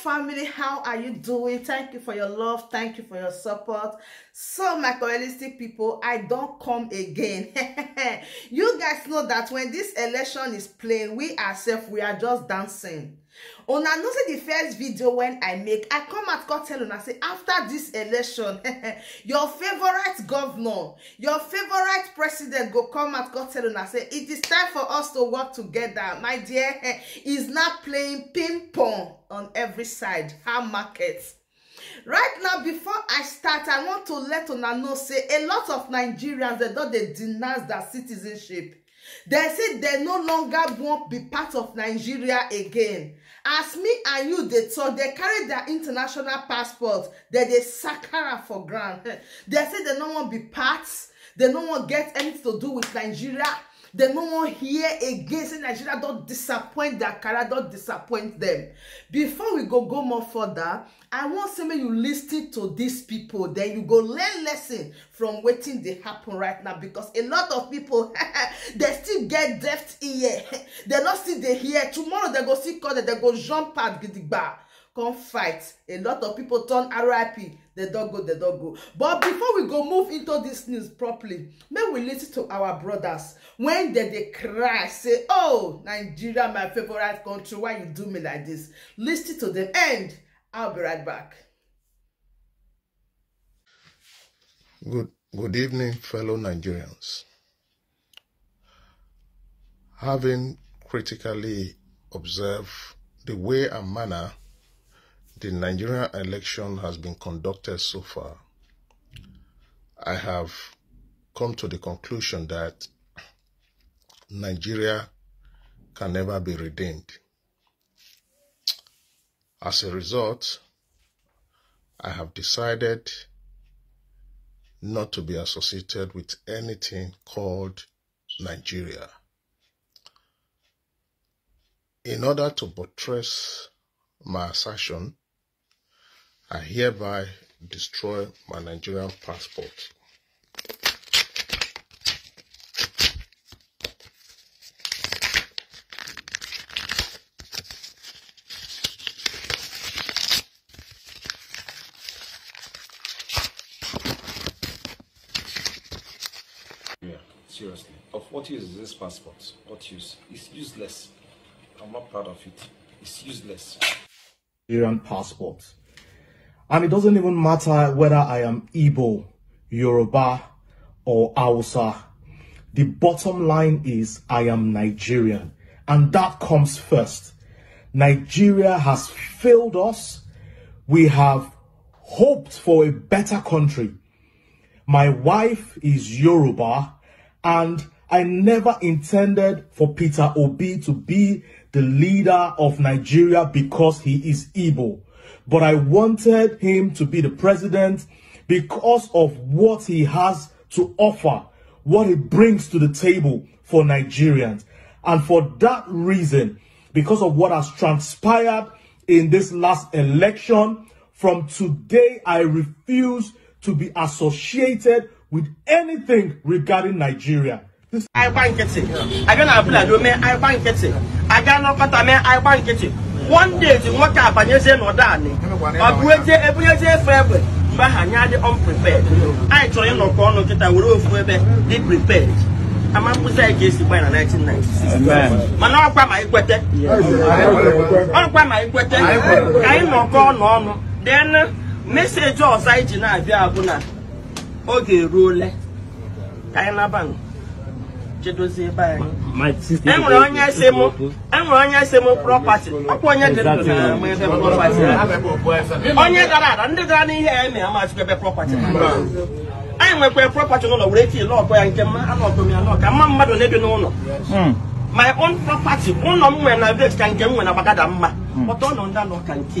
family how are you doing thank you for your love thank you for your support so my collegialistic people i don't come again you guys know that when this election is playing we ourselves we are just dancing una know say the first video when i make i come at court tell una say after this election your favorite governor your favorite president go come at court tell una say it is time for us to work together my dear he's not playing ping pong on every side her market right now before i start i want to let una know say a lot of nigerians dem don dey denounce their citizenship dem say dem no longer wan be part of nigeria again as me and you dey talk dem carry their international passport dem dey sack for ground dem say dem no wan be part dem no wan get anything to do with nigeria They no wan hear again say Nigeria don disappoint their career, don disappoint them. Before we go go more further, I want say make you lis ten to these people, then you go learn lesson from wetin dey happen right now because a lot of people dey still get deaf ear. They no still dey hear. Tomorrow they go still call them, they go jump out gidigba come fight. A lot of people turn RIP the dog go the dog go but before we go move into this news properly make we lis ten to our brothers when dem dey cry say oh nigeria my favourite country why you do me like this lis ten to dem end i'll be right back. good good evening fellow nigerians having critically observed the way and manner the Nigerian election has been conducted so far, I have come to the conclusion that Nigeria can never be redeemed. As a result, I have decided not to be associated with anything called Nigeria. In order to buttress my assertion, I hereby destroy my Nigerian passport. Yeah, seriously. Of what use is this passport? What use? It's useless. I'm not proud of it. It's useless. Nigerian passport. And it doesn't even matter whether I am Igbo, Yoruba, or Hausa. The bottom line is I am Nigerian. And that comes first. Nigeria has failed us. We have hoped for a better country. My wife is Yoruba and I never intended for Peter Obi to be the leader of Nigeria because he is Igbo but I wanted him to be the president because of what he has to offer, what he brings to the table for Nigerians. And for that reason, because of what has transpired in this last election, from today I refuse to be associated with anything regarding Nigeria. This I bank it. I don't have blood, I bank it. I got no cut, I bank it. one day ji nwoke abanyezie n'ọdọ anị ọ bụ eje ebunyezie efe egbe mgbe aha anyị unprepared anyị chọrọ ịnọkọ ọnụ nkịta were ofu ebe dị prepared ama nkụzi anyị ga-esi gbanye na 1996 mana ọkwa ma ikwete ọkwa ma ikwete ka anyị nọkọ ọnụ ọnụ then meseji ọzọ anyị ji na-abịa abụ na ga eruole ka anyị Chidozie be anyị enwere e e onye si mụ enwere onye si mụ prọpati ọkwa onye dị ndụ na ama ebe prọpati onye dara ada ndị dara n'ihe ya na amachikwa ebe prọpati anyị nwekwa prọpati n'ụlọ were tii lọkọ ya nke mma anọkọ ya nọ ka mma mmadụ na-ebi n'ụlọ hmm. my own property ụlọ m nwere na village ka nke m nwere na gbagada mma pọta ụlọ ndị anọ ka nke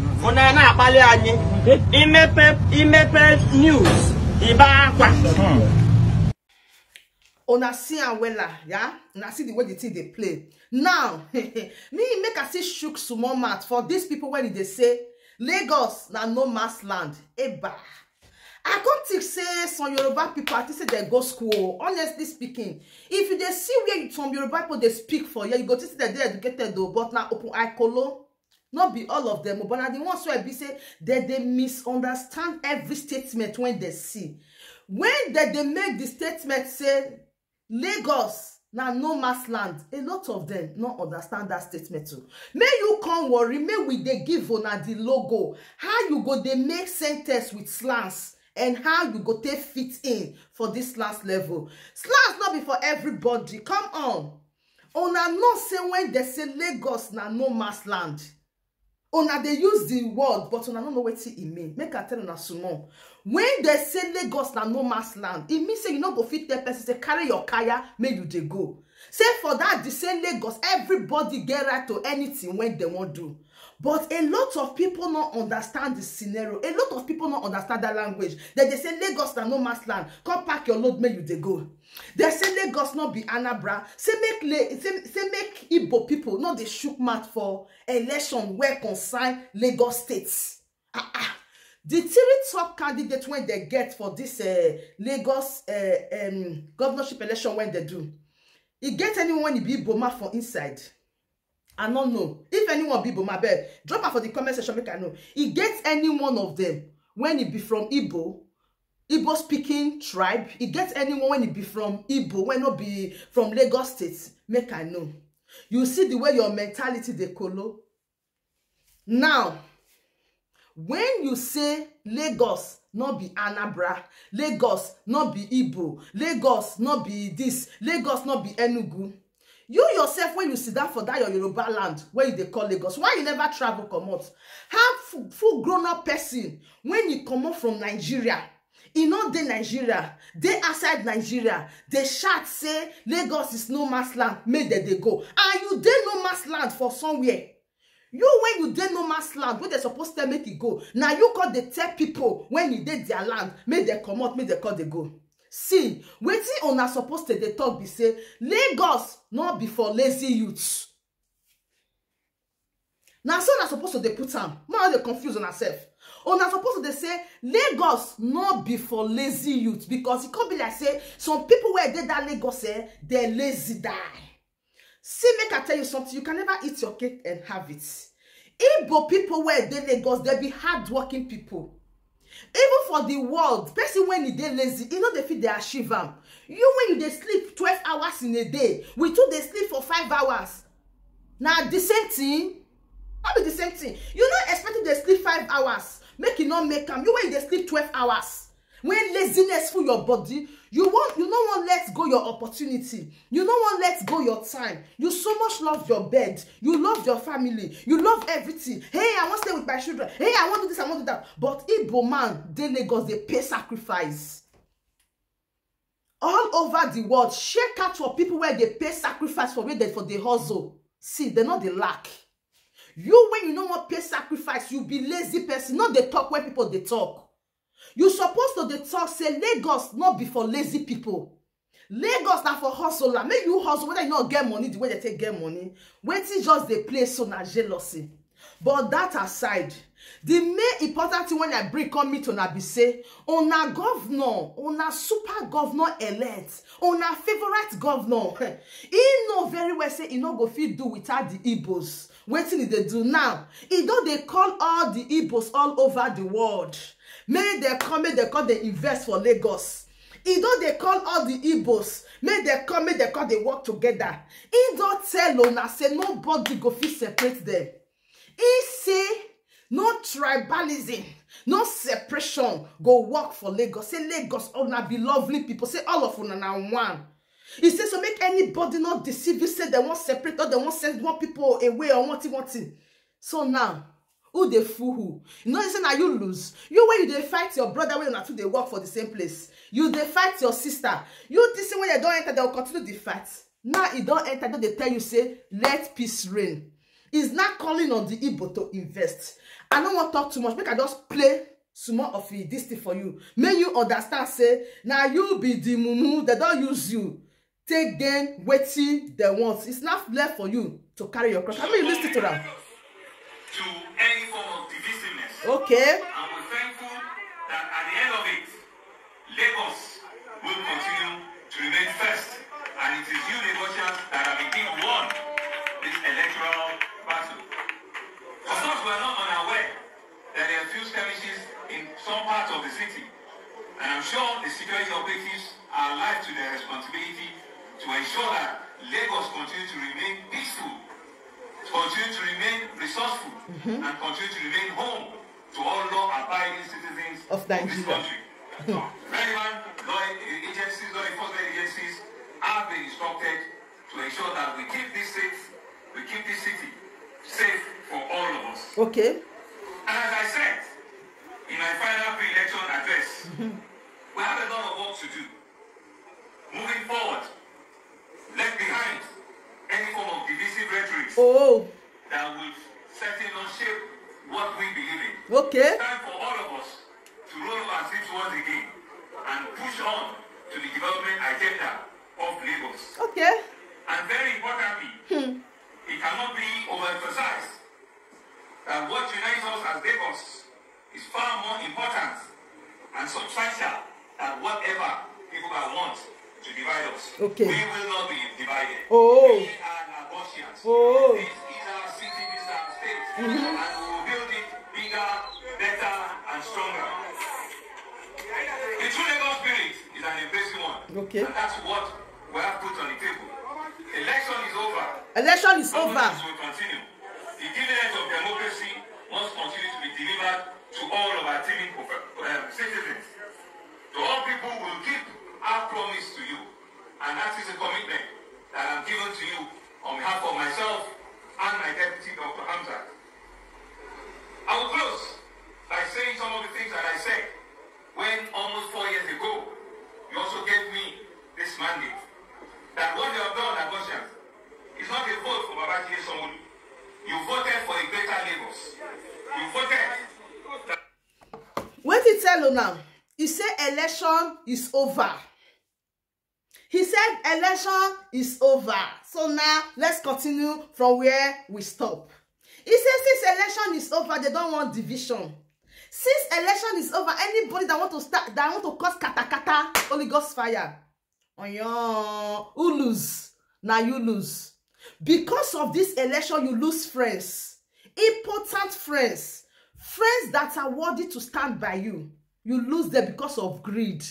ụna na-akpali anyị hmm. imepe imepe news ịba akwa hmm. una see am wella yeah na see the way the thing they play now me make i see shook small mouth for these people when they say lagos na no mass land eba i come think say some yoruba people i think say dem go school honestly speaking if you see where some yoruba people they speak for here you go to say dem dey educated though. but now open eye kolo not be all of them but na the ones wey be say dem dey misunderstand every statement wey dem see when dem dey make the statement say lagos na no mass land a lot of them no understand that statement too May you come worry May we dey give una the logo how you go dey make sen with slants and how you go take fit in for this last level Slants no be for everybody come on una know say when dem say lagos na no mass land una dey use the word but una no know wetin e mean make i tell una small when dey say lagos na no mass land e mean say you no go fit tell person say carry your kaya make you dey go say for that the same lagos everybody get right to anything wey dem wan do But a lot of people not understand the scenario. A lot of people not understand that language. Then they say Lagos na no mass land. Come pack your load, make you they go. They say Lagos not be Anabra. Say make Le say, say make Igbo people not the shook mat for election where consign Lagos states. Ah, ah. The three top candidates when they get for this uh, Lagos uh, um, governorship election when they do. It e get anyone when it be Boma for inside i no know if anyone be igbo my bed drop am for the comment section make i know e gets any one of them when e be from igbo igbo speaking tribe e gets anyone when e be from igbo When not be from lagos state make i know you see the way your mentality dey kolo now when you say lagos not be anambra lagos not be igbo lagos not be this lagos not be enugu you yourself when you sit down for that your yoruba land where you dey call lagos why you never travel comot how full, full grown up person when you come out from nigeria in e no dey nigeria they outside nigeria they shout say lagos is no mass land make dem they go Are you there no mass land for somewhere you when you there no mass land where dem supposed to make it e go Now you call the tell people when you e did their land they come out, make they call they go see wetin una suppose to dey talk be say lagos no be for lazy youths na so una suppose to dey put am make una dey confuse una sef una suppose to dey say lagos no be for lazy youths because e come be like say some people wey dey dat lagos eh dey lazy die see make i tell you something you can never eat your cake and have it igbo people wey dey lagos dey be hardworking people even for the world person when e dey lazy e no dey fit dey achieve am you when you dey sleep twelve hours in a day we too dey sleep for five hours na the same thing no be the same thing you no expect to dey sleep five hours make e no make am you when you dey sleep twelve hours when laziness full your body you want, you no wan let go your opportunity you no wan let go your time you so much love your bed you love your family you love everything hey i wan stay with my children hey i wan do this i wan do that but igbo man dey lagos dey pay sacrifice all over the world share catch for people wey dey pay sacrifice for where dem for dey hustle see dem no dey lack you when you no wan pay sacrifice you be lazy person no dey talk when people dey talk you supposed to the talk say lagos not be for lazy people. lagos na for hustler make you hustle whether you not get money the way they take get money wetin just the place so na jealousy but that aside the main important thing when i bring come meet una be say a governor on a super governor elect on a favorite governor He know very well say he no go fit do without the igbos wetin e dey do now He don't they call all the igbos all over the world May they come May they come They invest for lagos e don they call all the igbos May they come May they come They work together. e don tell una say nobody go fit separate them. He say no tribalism no separation go work for lagos say lagos una be lovely people. say all of una na one He says so make anybody not deceive you say they want separate or they want send more people away or one thing one so now who dey fool who you know say na you lose you wey you dey fight your brother wey una two dey work for the same place you dey fight your sister you dis thing wey dem don enter dem go continue the fight now e don enter don dey tell you say let peace reign he's now calling on the igbo to invest i no wan talk too much make i just play small of e dis thing for you make you understand say na you be the mumu dem don use you take gain wetin dem want it's not left for you to carry your cross. i mean you lis ten to am. Okay. And we're thankful that at the end of it, Lagos will continue to remain first. And it is you, Lagosians, that have indeed won this electoral battle. For those who are not unaware that there are few skirmishes in some parts of the city. And I'm sure the security operatives are alive to their responsibility to ensure that Lagos continues to remain peaceful, continue to remain resourceful, mm -hmm. and continue to remain home to all law-abiding citizens of, Nigeria. this country. Relevant law agencies, law enforcement agencies have been instructed to ensure that we keep this safe, we keep this city safe for all of us. Okay. And as I said in my final pre-election address, mm-hmm. we have a lot of work to do. Moving forward, left behind any form of divisive rhetoric oh. that will certainly not shape what we believe in. Okay. It's time for all of us to roll our sleeves once again and push on to the development agenda of Lagos. Okay. And very importantly, hmm. it cannot be overemphasized that what unites us as Lagos is far more important and substantial than whatever people want to divide us. Okay. We will not be divided. Oh. We are Oh. This is our city, this is our state. Mm -hmm. and stronger. The true Lagos spirit is an embracing one. Okay. And that's what we have put on the table. Election is over. Election is Government over. Will continue. The dividends of democracy must continue to be delivered to all of our teeming um, citizens. To all people will keep our promise to you. And that is a commitment that I'm giving to you on behalf of myself and my deputy, Dr. Hamza. I will close by saying some of the things that I said when almost four years ago, you also gave me this mandate that what you have done at Goshen is not a vote for Babajide sanwo You voted for a greater Lagos. You voted. What did he tell you now? He said election is over. He said election is over. So now let's continue from where we stop. He says this election is over. They don't want division. Since election is over, anybody that want to start that want to cause katakata, -kata, Holy Ghost fire. On your who lose? Now you lose. Because of this election, you lose friends. Important friends. Friends that are worthy to stand by you. You lose them because of greed,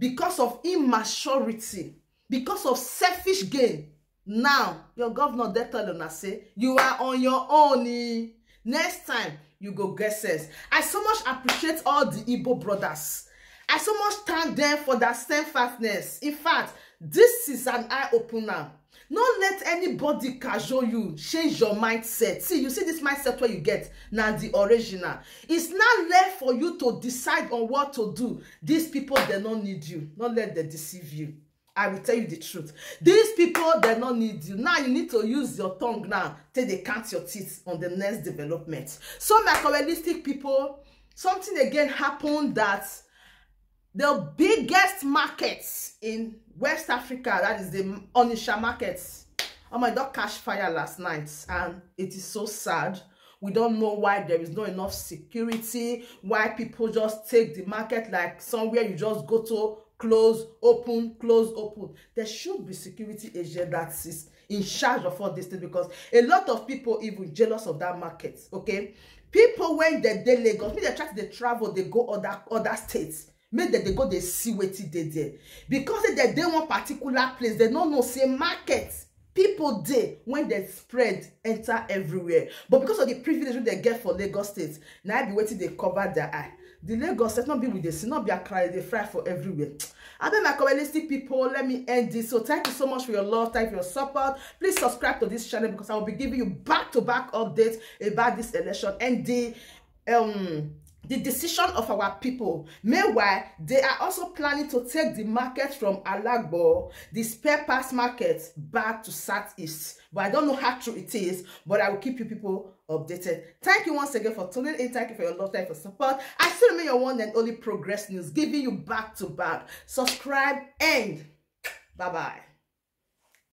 because of immaturity, because of selfish gain. Now, your governor, they tell you, say, you are on your own. E Next time, you go get sense i so much appreciate all the igbo brothers i so much thank them for their steadfastness in fact this is an eye opener no let anybody casual you change your mindset see you see this mindset where you get now the original it's not left for you to decide on what to do these people they no need you no let them deceive you I will tell you the truth. These people, they don't need you. Now you need to use your tongue now till they count your teeth on the next development. Some materialistic people, something again happened that the biggest markets in West Africa, that is the Onisha markets, oh my God, cash fire last night. And it is so sad. We don't know why there is not enough security, why people just take the market like somewhere you just go to close open close open there should be security agent that is in charge of all these things because a lot of people even jealous of that market okay people when they dey lagos make they try to dey travel dey go other other states make they dey go dey see wetin dey there because they dem dey one particular place They no know say market people dey when they spread enter everywhere but because of the privilege wey dem get for lagos state na be wetin dey cover their eye the lagos let's not be with this not be a cry they fry for everywhere I then my community people let me end this so thank you so much for your love thank you for your support please subscribe to this channel because i will be giving you back to back updates about this election and the um the decision of our people. Meanwhile, they are also planning to take the market from Alagbo, the spare parts market, back to Southeast. But I don't know how true it is, but I will keep you people updated. Thank you once again for tuning in. Thank you for your love, thank you for support. I still remain your one and only Progress News, giving you back to back. Subscribe and bye-bye.